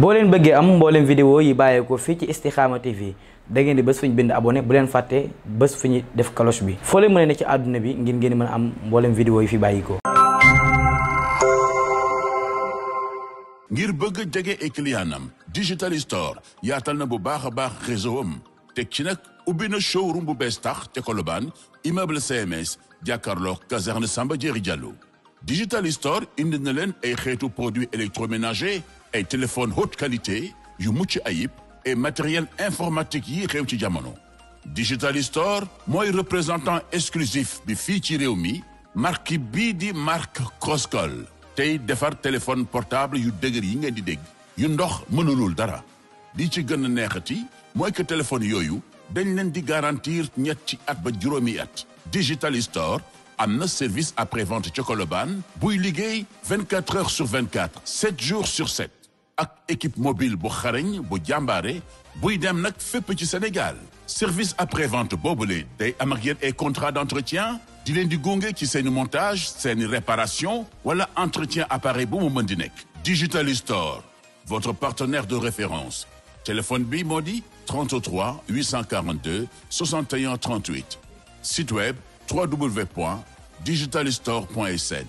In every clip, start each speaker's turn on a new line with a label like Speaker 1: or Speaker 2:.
Speaker 1: boo leen bëggee am mbooleem vidéo yi bàyyeekoo fii ci Istikhama TV da ngeen di bés fu ñu bind abonné bu leen fàtte bes fu ñu def cloche bi foo leen mën a ne ci àdduna bi ngir ngeen mën am mbooleem vidéo yi fi bàyyikoo ngir bëgg
Speaker 2: jege ay am digital store yaatal na bu baax a baax réseau am teg ci nag ubbi na showroom bu bees tax te Colobane immeuble CMS jàkkaarloo caserne Samba Diéry Diallo digital store indi na leen ay xeetu produits électroménager ay téléphone haute qualité yu mucc ayib et matériel informatique yi xew ci jamono. Digital Store mooy représentant exclusif bi fii ci réew mi marque bii di marque Crosscall tey defar téléphone portable yu dëgër yi ngeen di dégg yu ndox mënulul dara di ci gën a neexati mooy que téléphone yooyu dañ leen di garantir ñetti at ba juróomi at Digital Store am na service après vente ci Colobane buy liggéey 24 heures sur 24 7 jours sur 7 ak équipe mobile bu xarañ bu jàmbaare buy dem nag fépp ci Sénégal service après vente boobule day am ak yéen ay contrat d'entretien di leen di gunge ci seeni montage seeni réparation wala entretien appareil bu mu mën di nekk Digital Store votre partenaire de référence téléphone bi moo di 33 842 61 38 site web www.digitalstore.sn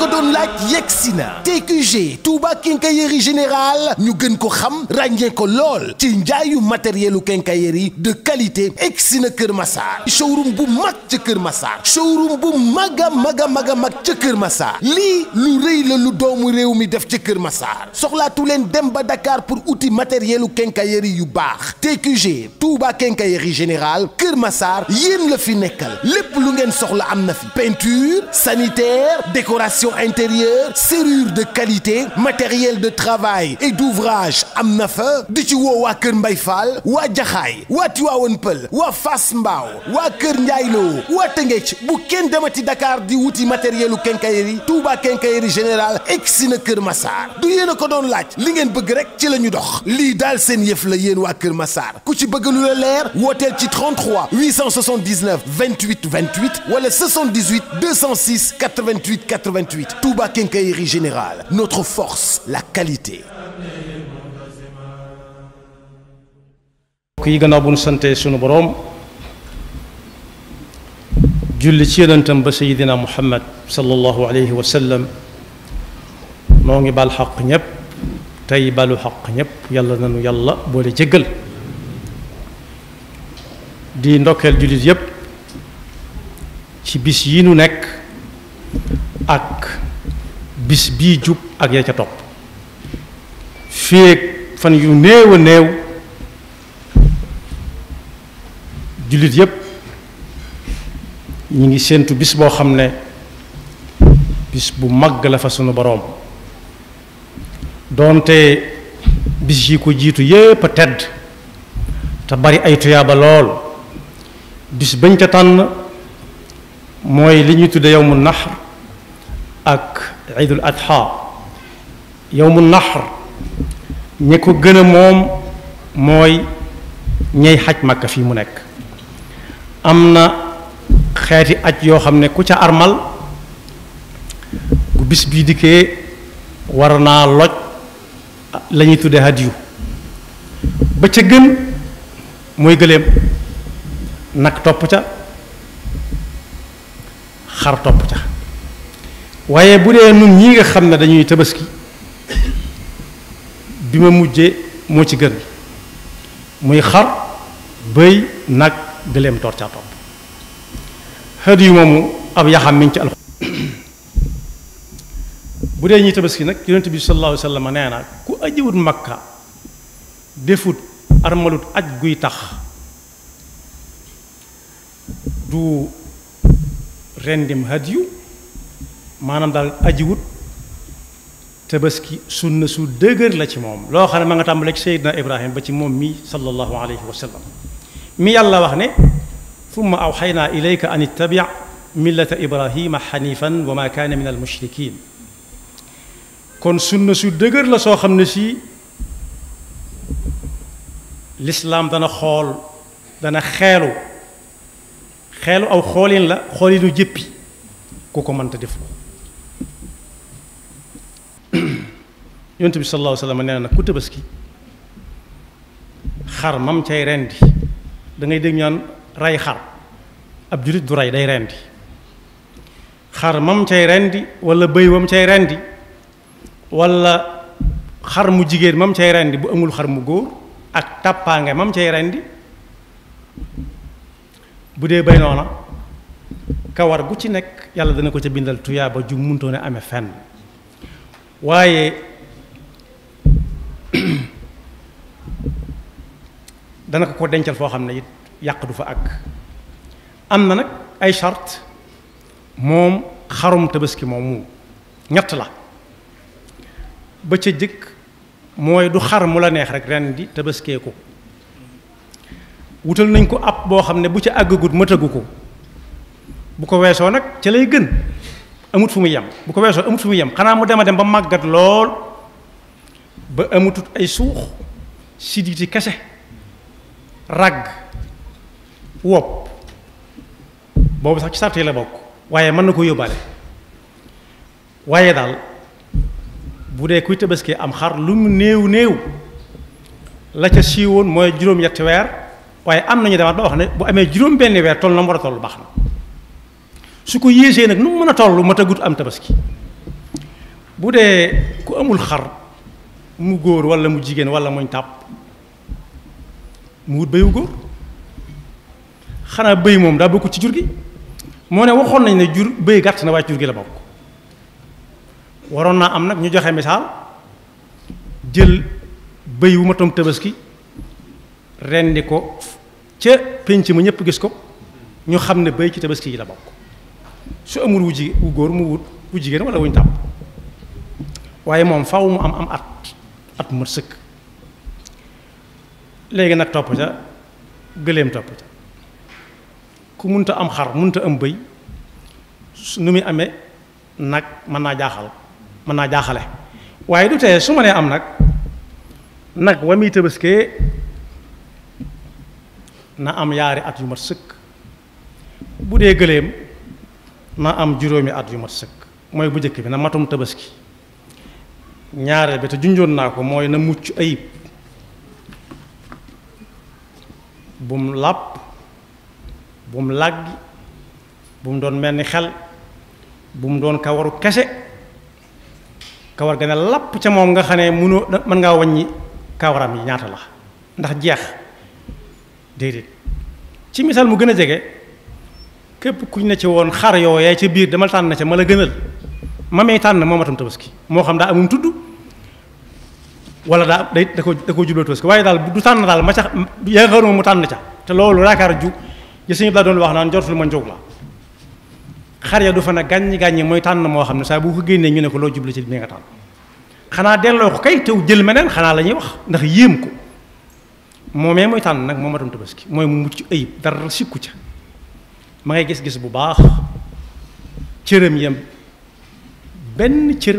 Speaker 2: ko doon
Speaker 3: laaj yegg si na TQG Touba Quincaillerie Générale ñu gën ko xam ràññee ko lool ci njaayu matériel u quincaillerie de qualité egg na Kër Massar showroom bu mag ca Kër Massar showroom bu mag mag a mag mag ca Kër Massar lii lu rëy la lu doomu réew mi def ca Kër Massar soxlaatu leen dem ba Dakar pour uti matériel u quincaillerie yu baax TQG Touba Quincaillerie Générale Kër Massar yéen la fi nekkal lépp lu ngeen soxla am na fi peinture sanitaire décoration. décoration intérieure serrure de qualité matériel de travail et d'ouvrage am na fa di ci woo waa Kër Mbay Fall waa Jaxaay waa Tiwaawan Pël waa Fass Mbaaw wa Kër Njaayloo waa Tëngéej bu kenn demati Dakar di wuti matériel u quincaillerie Touba quincaillerie générale egsi na Kër Massar du yéen a ko doon laaj li ngeen bëgg rek ci la ñu dox lii daal seen yëf la yéen waa Kër Massar ku ci bëgg lu la leer wooteel ci 33 879 28 28 wala 78 206 88 88 2018 Touba Quincaillerie Générale notre force la qualité.
Speaker 1: kii gannaaw bu sante sunu boroom julli ci yonentam ba sayidina muhammad sallallahu alayhi wa sallam noo ngi bal xaq ñépp tey balu xaq ñépp yàlla nanu yàlla boole jéggal di ndokkeel jullit yépp ci bis yi nu nekk ak bis bii jub ak ya ca topp féeg fan yu néew néew jullit yépp ñu ngi séentu bis boo xam ne bis bu màgg la fa sunu boroom doonte bis yi ko jiitu yépp a tedd te bari ay tuyaaba lool bis bañ ca tànn mooy li ñuy yow mu nax ak Iidul Adha yowmu naxr ñi ko gën a moom mooy ñay xaj Makka fii mu nekk am na xeeti aj yoo xam ne ku ca armal bu bis bii dikkee war naa loj lañuy ñuy tudde hadiyu ba ca gën mooy gëléem nag topp ca xar topp ca waaye bu dee nun ñi nga xam ne dañuy tabaski bi ma mujje moo ci gën muy xar bëy nag gëléem toor caa topp xëdd yu ab yaxam mi ngi ci alxu bu dee ñuy tabaski nag yonent bi sallallahu alayhi wa sallam nee na ku ajiwut makka defut armalut aj guy tax du rendim hadiyu maanaam daal aji wut tabaski sunna su dëgër la ci moom loo xam ne ma nga tàmbalee ci Seydina Ibrahima ba ci moom mii sallallahu alayhi wa sallam mi yàlla wax ne thumma awxaynaa ilayka an ittabi millata Ibrahima xanifan wa ma kaana min al mushrikin kon sunna su dëgër la soo xam ne si lislaam dana xool dana xeelu xeelu aw xoolin la xoolinu jëppi ku ko mënta def ko yonent bi sallallahu alayhi wa sallam nee na ku tabaski xar mam cay rendi da ngay dégg ñaan rey xar ab julit du rey day rendi xar mam cay rendi wala bëy wam cay rendi wala xar mu jigéen mam cay rendi bu amul xar mu góor ak tàppaange mam cay rendi bu dee bay noona kawar gu ci nekk yàlla dana ko ca bindal tuyaaba ju muntoone amee fenn waaye dana ko ko dencal foo xam ne it yàq du fa àgg am na nag ay charte moom xarum tabaski moomu ñett la ba ca jëkk mooy du xar mu la neex rek ren di tabaskee ko wutal nañ ko ab boo xam ne bu ca àggagut matagu ko bu ko weesoo nag ca lay gën amut fu mu yem bu ko weesoo amut fu mu yem xanaa mu dema dem ba màggat lool ba amutut ay suux siditi kese ragg wopp boobu sax ci sàrt yi la bokk waaye mën na ko yóbbaale waaye daal bu dee kuy tabaski am xar lu mu néew néew la ca siiwoon mooy juróom-ñetti weer waaye am nañu demaat ba wax ne bu amee juróom-benni weer toll na mu war a toll baax na su ko yéesee nag nu mu mën a toll mat a am tabaski bu dee ku amul xar mu góor wala mu jigéen wala muñ tàpp mu wut béyu góor xanaa béy moom daa bokk ci jur gi moo ne waxoon nañ ne jur béy gàtt na waaye jur gi la bokk waroon naa am nag ñu joxe misaal jël béy wu ma tom tabaski rendi ko ca penc ma ñëpp gis ko ñu xam ne béy ci tabaski la bokk su amul wu ji wu wut wu jigéen wala wuñ tàpp waaye moom faw mu am am at at mu mat sëkk léegi nag topp ca gëléem topp ca ku munta am xar munta am bëy nu muy amee nag mën naa jaaxal mën naa jaaxale waaye du tee su ma nee am nag nag wa muy tëbaskee na am yaari at yu mat sëkk bu dee gëléem na am juróomi at yu mat sëkk mooy bu njëkk bi na matum tabaski ñaareel bi te junjoon naa ko mooy na mucc ayib bum làpp bum làggi bum doon mel ni xel bum doon kawaru kese kawar gën a làpp ca moom nga xam ne mënoo mën ngaa waññi kawaram yi ñaata la ndax jeex déedéet ci misaal mu gën a jege képp kuñ ne ci woon xar yoo yaay ca biir dama tànn ca ma la gënal ma may tànn moom matam tabaski moo xam daa amum tudd wala daa day da ko da ko jubloo tos waaye daal du tànn daal ma ca yaakaaruma mu tànn ca te loolu yaakaar ju ya sëñ daa doon wax naan jortul ma njóg la xar ya du fa ne gàññi gàññi mooy tànn moo xam ne saa bu ko génnee ñu ne loo jublu ci li nga tànn xanaa delloo ko kay jël meneen xanaa la ñuy wax ndax yéem ko moomee mooy tànn nag moo matam tabaski mooy mu mucc ayib dara sikku ca ma gis-gis bu baax cëram yam benn ca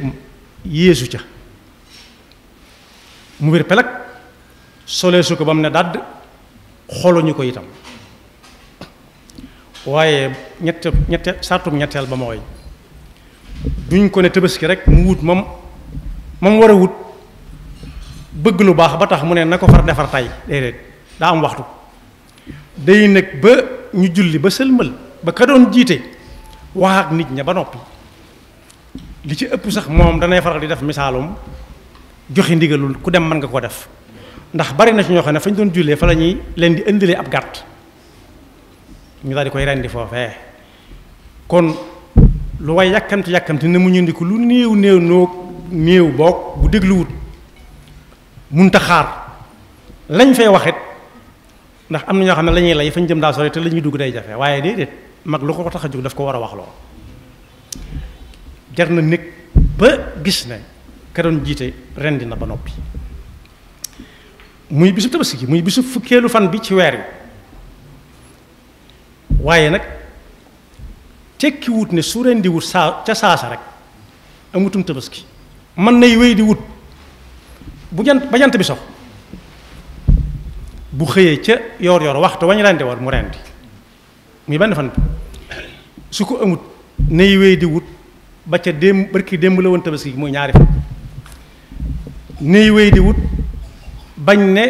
Speaker 1: mu wér pelag soleesu ko ba mu ne dàdd xoluñu ko itam waaye ñett ñette sartum ñetteel ba mooy duñ ko ne tabaski rek mu wut moom moom war a wut bëgg lu baax ba tax mu ne na ko far defar tay déedéet daa am waxtu day nag ba ñu julli ba sëlmal ba ka doon jiite wax nit ña ba noppi li ci ëpp sax moom danay faral di def misaalum joxe ndigalul ku dem mën nga koo def ndax bari na si ñoo xam ne fañ doon jullee fa la ñuy leen di indilee ab gàtt ñu daal di koy rendi foofee kon lu way yàkkamti yàkkamti ne mu ñu ndiku lu néew néew noo néew boog bu dégluwut mun taxaar lañ fay waxit ndax am na ñoo xam ne la ñuy lay fañ jëm daa sore te la dugg day jafe waaye déedéet mag lu ko tax a jóg daf ko war a wax loo jar na nekk ba gis ne ka jiite rendi na ba noppi muy bisu tabaski muy bisu fukkeelu fan bi ci weer wi waaye nag tekki wut ne su rendi wut saa ca saasa rek amutum tabaski man nay wéy di wut bu jant ba jant bi sox bu xëyee ca yoor yoor waxtu wañ rendi war mu rendi muy benn fan bi su ko amut nay wéy di wut ba ca démb barki démb la woon tabaski gi muy ñaari fan nuy wéy di wut bañ ne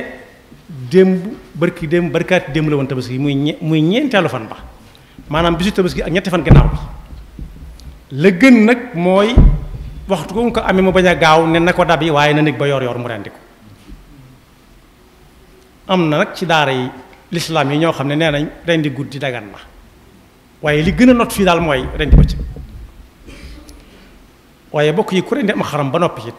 Speaker 1: démb barki démb barkaati démb la woon tabaski muy ñe muy ñeenteelu fan ba maanaam bisu tabaski ak ñetti fan gannaaw bi la gën nag mooy waxtu ko nga ko amee mu bañ a gaaw ne na ko dab yi waaye na nekk ba yor yor mu rendi ko am na nag ci daara yi lislaam yi ñoo xam ne nee nañ rendi guddi dagan na waaye li gën a not fii daal mooy rendi bëccëg waaye bokk yi ku rendi am xaram ba noppi it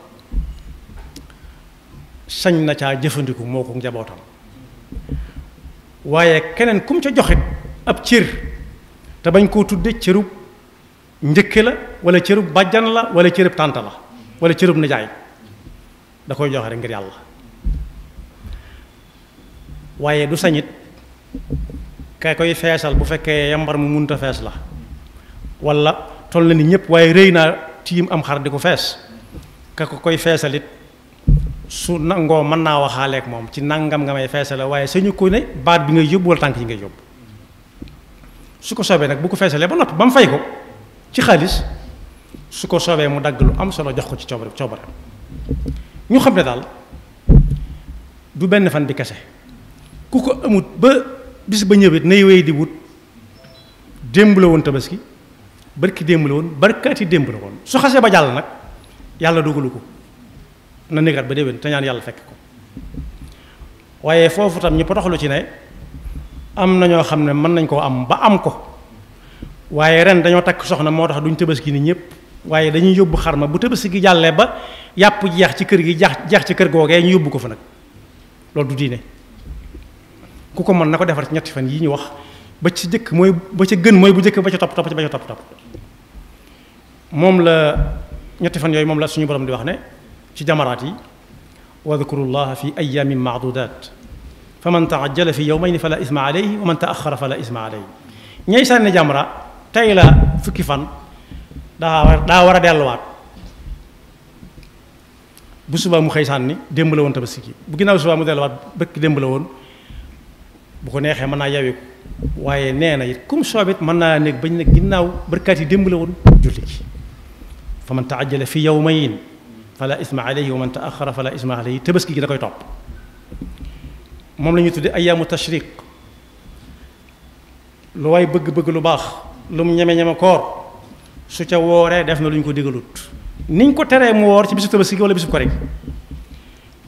Speaker 1: sañ na caa jëfandiku moo ko njabootam waaye keneen kum ca joxit ab cër te bañ koo tudde cërub njëkke la wala cërub bàjjan la wala cërub tànta la wala cërub nijaay da koy joxe rek ngir yàlla waaye du sañit kay koy feesal bu fekkee yambar mu munta fees la wala toll na ni ñëpp waaye rëy naa tiim am xar di ko fees ka ko koy feesalit su nangoo mën naa waxaaleeg moom ci nangam nga may feesale waaye sañu ko ne baat bi ngay yóbbu tànk yi ngay yóbbu su ko soobee nag bu ko feesalee ba noppi ba mu fay ko ci xaalis su ko soobee mu dagg lu am solo jox ko ci coobare coobare ñu xam ne daal du benn fan bi kese ku ko amut ba bis ba ñëwit nay wéy di wut démb la woon tabaski barki démb la woon barkaati démb la woon su xasee ba jàll nag yàlla dogalu ko na néegaat ba déwén te ñaan yàlla fekk ko waaye foofu tam ñu potoxlu ci ne am na ñoo xam ne mën nañ koo am ba am ko waaye ren dañoo takk soxna moo tax duñ tëbaski ni ñëpp waaye dañuy yóbbu xar ma bu tëbaski gi jàllee ba yàpp jeex ci kër gi jeex jeex ci kër googee ñu yóbbu ko fa nag loolu du diine ku ko mën na ko defar ci ñetti fan yi ñu wax ba ci jëkk mooy ba ca gën mooy bu jëkk ba ca topp topp ci ba ca topp moom la ñetti fan yooyu moom la suñu borom di wax ne ci jamaraat yi wadkuru llaha fi ayamin maadudat fa man fi yowmayni fala isma alayhi wa man taaxara fala isma alayhi ñay sànni jamara tey la fukki fan daa daa war a delluwaat bu subaa mu xëy sànni démb la woon tabaski bu ginnaaw subaa mu delluwaat bëkk démb la woon bu ko neexee mën naa yaweeku waaye nee na it kum soobit mën naa nekk bañ ne ginnaaw barkaat yi démb la woon julli gi fa man fi yowmayin fala isma alayhi wa man taaxara fala isma alayhi tabaski gi da koy topp moom la ñuy tudde ayaamu tashriq lu waay bëgg-bëgg lu baax lu mu ñeme-ñeme koor su ca wooree def na lu ñu ko digalut niñ ko teree mu woor ci bisu tabaski gi wala bisu koré gi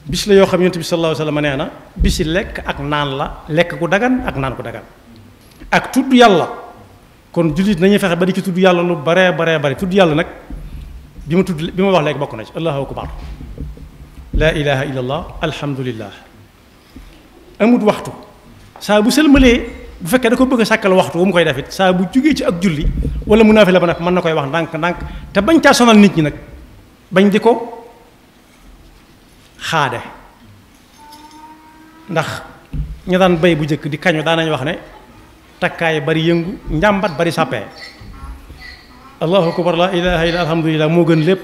Speaker 1: bis la yoo xam yonent bi sallallahu alayhi wa na bisi lekk ak naan la lekk ku dagan ak naan ku dagan ak tudd yàlla kon jullit nañuy fexe ba di ci tudd yàlla lu baree baree bari tudd yàlla nag bi ma tudd bi ma wax léegi bokk na ci allahu akbar laa ilaha illallah alhamdulillah amut waxtu saa bu sëlmalee bu fekkee da ko bëgg a sàkkal waxtu wu mu koy defit saa bu jugee ci ak julli wala mu naafila ba nag mën na koy wax ndànk ndànk te bañ caa sonal nit ñi nag bañ di ko xaade ndax ña daan bay bu jëkk di kañu daanañ wax ne takkaay bari yëngu njàmbat bari sàppee allahu akbar la ilaha illa alhamdulilah moo gën lépp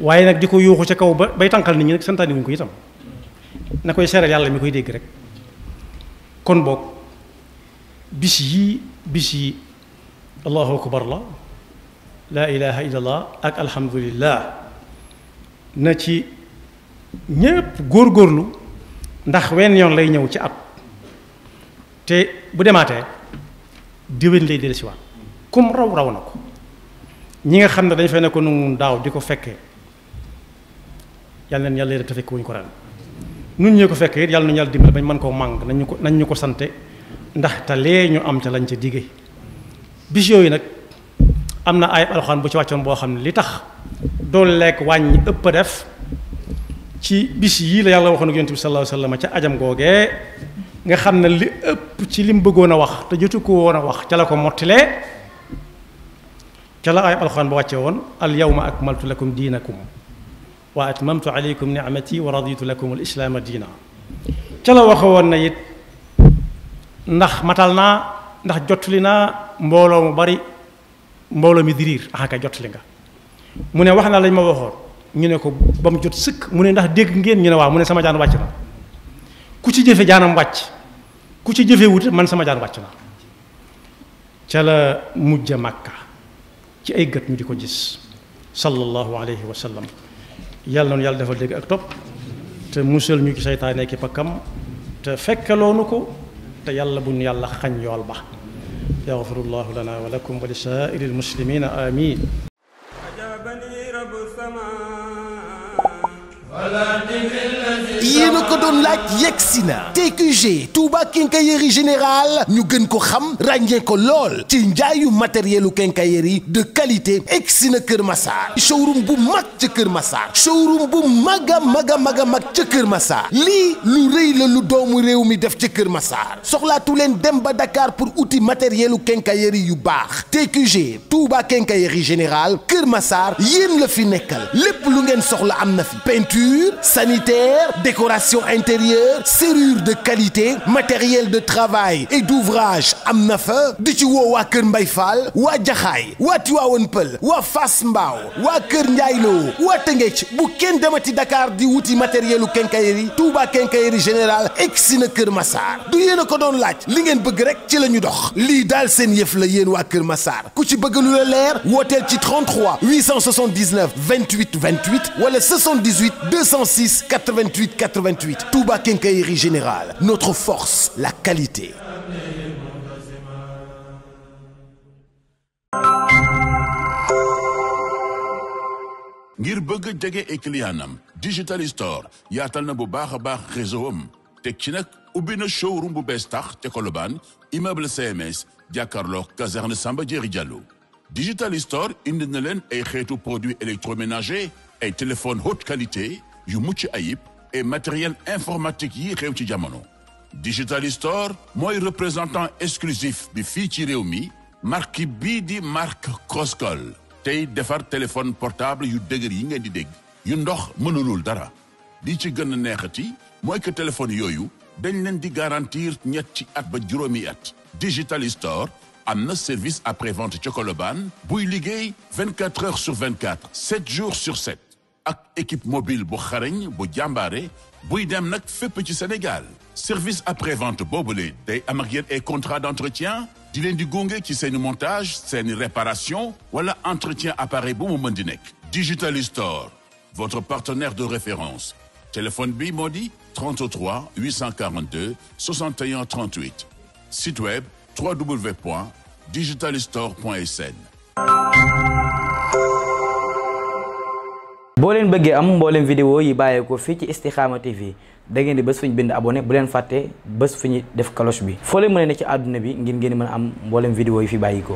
Speaker 1: waaye nag di ko yuuxu ci kaw ba bay tànqal nit ñi nag santaani wuñ ko itam na koy seeral yàlla mi koy dégg rek kon boog bis yii bis yi allahu akbar la laa ilaha illa allah ak alhamdulillah na ci ñépp góorlu ndax wenn yoon lay ñëw ci at te bu demaatee déwén lay dellusiwaat kum raw raw na ko ñi nga xam ne dañ fay nekkoon daaw di ko fekkee yàlla na yàlla yéen a fekk wuñ ko ran nun ñee ko fekkee it yàlla nañu yàlla dimbali bañ mën koo màng nañu ko nañ ñu ko sante ndax te lee ñu am ca lañ ca digge bis yooyu nag am na ay alxuraan bu ci wàccoon boo xam ne li tax doon lekk wàññi ëpp a def ci bis yii la yàlla waxoon ak yonent bi sallallahu alayhi wa sallam ca ajam googee nga xam ne li ëpp ci lim bëggoon a wax te jotu ko woon a wax ca la ko mottilee ca la aayam alxuraan ba wàcce woon al yawma akmaltu lakum diinakum wa atmamtu aleykum nicmati wa raditu lakum al islaama diina ca la waxe woon na it ndax matal naa ndax jotali naa mbooloo mu bari mbooloo mi diriir ah kay nga mu ne wax naa lañ ma waxoon ñu ne ko ba mu jot sëkk mu ne ndax dégg ngeen ñu ne waaw mu ne sama jaan wàcc na ku ci jëfe jaanam wàcc ku ci jëfe wut man sama jaan wàcc na ca la mujj Màkka ci ay gët ñu di ko gis sallallahu alayhi wa sallam yàlla noonu defal dégg ak topp te musal ñu ci seytaane ki pakkam te fekkaloonu ko te yàlla buñ yàlla xañ yool ba yaxfirullahu lana wa lakum wa li saa'iri almuslimiina amin ajabani rabb
Speaker 3: sama wala yéen a ko doon laaj yegg si na TQG Touba Quincaillerie général ñu gën ko xam ràññee ko lool ci njaayu matérielu quincaillerie de qualité egg na Kër Massar showroom bu mag ca Kër Massar showroom bu mag a mag a mag a ca Kër Massar lii lu rëy la lu doomu réew mi def ca Kër Massar soxlaatu leen dem ba dakaar pour outil matérielu quincaillerie yu baax TQG Touba Quincaillerie Générale Kër Massar yéen la fi nekkal lépp lu ngeen soxla am na fi peinture sanitaire décoration intérieure serrure de qualité matériel de travail et d'ouvrage am na fa di ci woo waa Kër Mbay Fall waa Jaxaay waa Tiwaawan Pël waa Fass Mbaaw waa Kër Njaayloo waa Tëngéej bu kenn demati Dakar di wuti matérielu quincaillerie Touba quincaillerie générale egsi na Kër Massar du yéen a ko doon laaj li ngeen bëgg rek ci la ñu dox lii daal seen yëf la yéen waa Kër Massar ku ci bëgg lu la leer wooteel ci 33 879 28 28 wala 78 206 88 88 Touba Quincaillerie Générale notre force la qualité.
Speaker 2: ngir bëgg jege ay clientam digital store yaatal na bu baax a baax réseau am teg ci nag ubbi na showroom bu bees tax te Colobane immeuble CMS jàkkaarloo na Samba Diéry Diallo digital store indi na leen ay xeetu produit produits électroménagers ay téléphones haute qualité yu mucc ayib. et matériel yi xew ci jamono digital store mooy représentant exclusif bi fii ci réew mi marque bii di marque Crosscall tey defar téléphone portable yu dëgër yi ngeen di dégg yu ndox mënulul dara di ci gën a neexati mooy que téléphone yooyu dañ leen di garantir ñetti at ba juróomi at digital store am na service après vente ci Colobane buy liggéey 24 heures sur 24 7 jours sur 7 ak équipe mobile bu xarañ bu jàmbaare buy dem nag fépp ci Sénégal service après-vente boobule day am ak yéen ay contrat d'entretien di leen di gunge ci seeni montage seeni réparation wala entretien appareil bu mu mën di nekk Digital Store votre partenaire de référence téléphone bi moo di 33 842 61 38 site web www.digitalstore.sn
Speaker 1: boo leen bëggee am mbooleem vidéo yi bàyyeekoo fii ci Istikhama TV dangeen ngeen di bés fu ñu bind abone bu leen fàtte bés fu ñu def cloche bi foo leen mën ne ci àdduna bi ngir ngeen mën am mboolem vidéo yi fi bàyyikoo